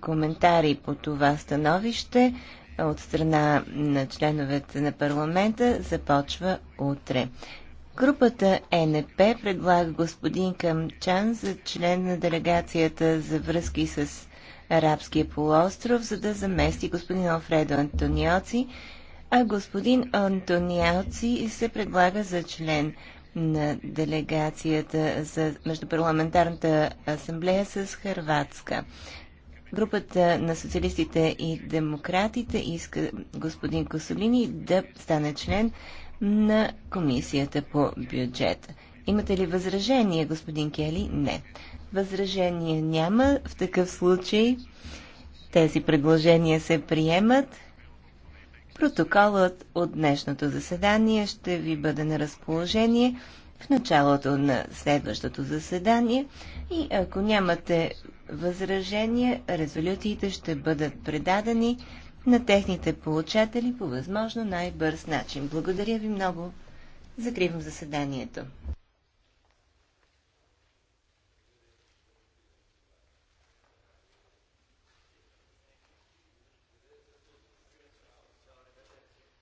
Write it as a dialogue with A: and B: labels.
A: коментари по това становище от страна на членовете на парламента започва утре. Групата е НП предлага господин Камчан за член на делегацията за връзки с Арабския полуостров, за да замести господин Алфредо Антониоци, а господин Антониоци се предлага за член на делегацията за Междупарламентарната асамблея с Хрватска. Групата на социалистите и демократите иска господин Косолини да стане член на комисията по бюджета. Имате ли възражение, господин Кели? Не. Възражение няма. В такъв случай тези предложения се приемат. Протоколът от днешното заседание ще ви бъде на разположение в началото на следващото заседание и ако нямате възражения, резолюциите ще бъдат предадени на техните получатели по възможно най-бърз начин. Благодаря ви много. Закривам заседанието.